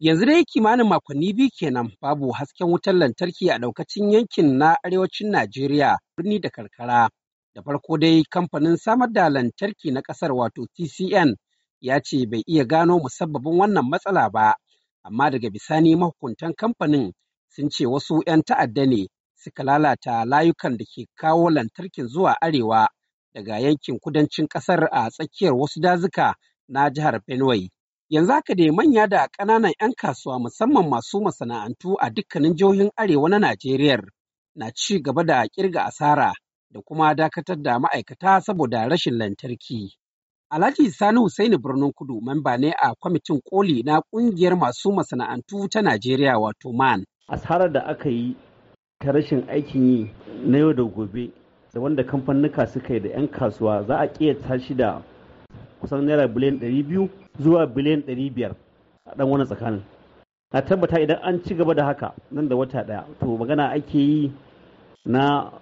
Yanzu dai kimanin makonni biyu kenan babu hasken wutar lantarki a daukacin yankin na arewacin Najeriya birni da karkara. Da farko dai kamfanin samar da lantarki na kasar wato TCN ya ce bai iya gano musabbabin wannan matsala ba, amma daga bisani mahukuntan kamfanin sun ce wasu 'yan ta'adda ne suka lalata layukan da ke kawo lantarkin zuwa arewa daga yankin kudancin kasar a tsakiyar wasu dazuka na jihar Benue. Yanzu haka dai manya da ƙananan 'yan kasuwa musamman masu masana'antu a dukkanin jihohin Arewa na Najeriya na ci gaba da kirga asara da kuma dakatar da ma'aikata saboda rashin lantarki. Alhaji Sani Hussaini Birnin Kudu memba ne a kwamitin koli na ƙungiyar masu masana'antu ta Najeriya wato MAN. Asarar da aka yi ta rashin aikin yi na yau da gobe da wanda kamfanuka suka yi da 'yan kasuwa za a kiyata shi da kusan naira biliyan 200 zuwa biliyan 500 a ɗan wani tsakanin na tabbata idan an ci gaba da haka nan da wata ɗaya, to magana ake yi na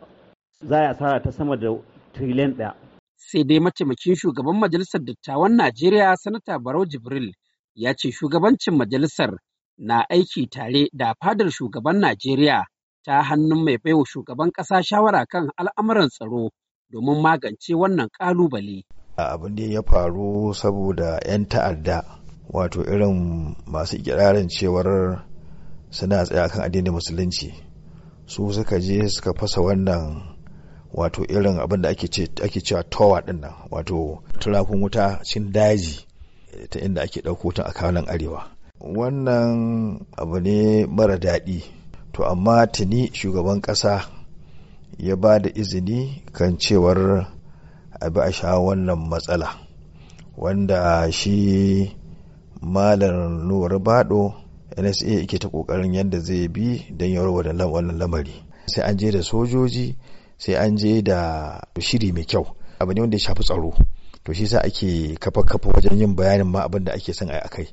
za a sara ta sama da triliyan ɗaya. sai dai mataimakin shugaban majalisar dattawan najeriya sanata barau jibril ya ce shugabancin majalisar na aiki tare da fadar shugaban najeriya ta hannun mai baiwa shugaban ƙasa shawara kan al'amuran tsaro domin magance wannan ƙalubale. a abin da ya faru saboda 'yan ta'adda wato irin masu kirarin cewar suna tsaye kan addinin musulunci su suka je suka fasa wannan wato irin abin da ake cewa towa din nan wato turakun wuta cin daji eh, ta inda ake ɗauko ta a kanan arewa wannan abu ne mara daɗi to amma tuni shugaban ƙasa ya ba da izini kan cewar a bi a sha wannan matsala wanda shi malam nuwar bado nsa yake ta kokarin yadda zai bi don ya warware wannan lamari sai an je da sojoji sai an je da shiri mai kyau abu ne wanda ya shafi tsaro to shi sa ake kafa kafa wajen yin bayanin ma abin da ake son a akai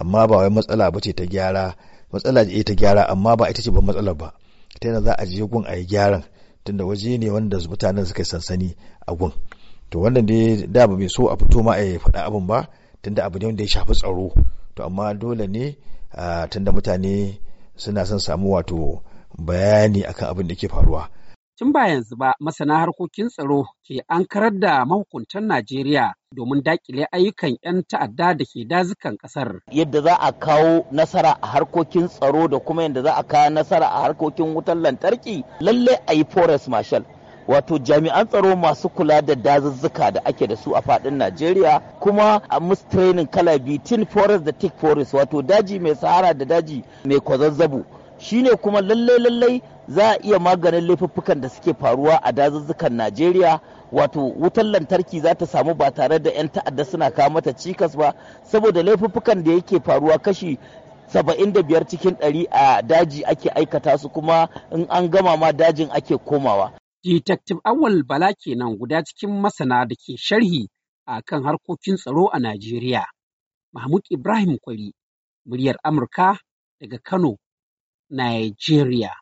amma ba wai matsala ba ce ta gyara matsala ce ta gyara amma ba ita ce ba matsalar ba ta yana za a je gun a yi gyaran tunda waje ne wanda mutanen suka yi sansani a gun to wannan dai da ba bai so a fito ma a faɗa abin ba tunda abu ne wanda ya shafi tsaro to amma dole ne tunda mutane suna son samu wato bayani akan abin da ke faruwa tun ba yanzu ba masana harkokin tsaro ke ankarar da mahukuntan Najeriya domin dakile ayyukan 'yan ta'adda da ke dazukan kasar. Yadda za a kawo nasara a harkokin tsaro da kuma yadda za a kawo nasara a harkokin wutar lantarki lalle a yi forest marshal wato jami'an tsaro masu kula da dazuzzuka da ake da su a fadin Najeriya kuma a musu training kala biyu tin forest da tick forest wato daji mai sahara da daji mai kwazazzabu shine kuma lalle lallai za a iya maganin laifuffukan da suke faruwa a dazuzzukan Najeriya wato wutar lantarki za ta samu ba tare da 'yan ta'adda suna kawo mata cikas ba saboda laifuffukan da yake faruwa kashi saba'in da biyar cikin ɗari a daji ake aikata su kuma in an gama ma dajin ake komawa Detective Awal Bala kenan guda cikin masana da ke sharhi a kan harkokin tsaro a Najeriya. Mahmud Ibrahim Kwari, muryar Amurka daga Kano, Najeriya.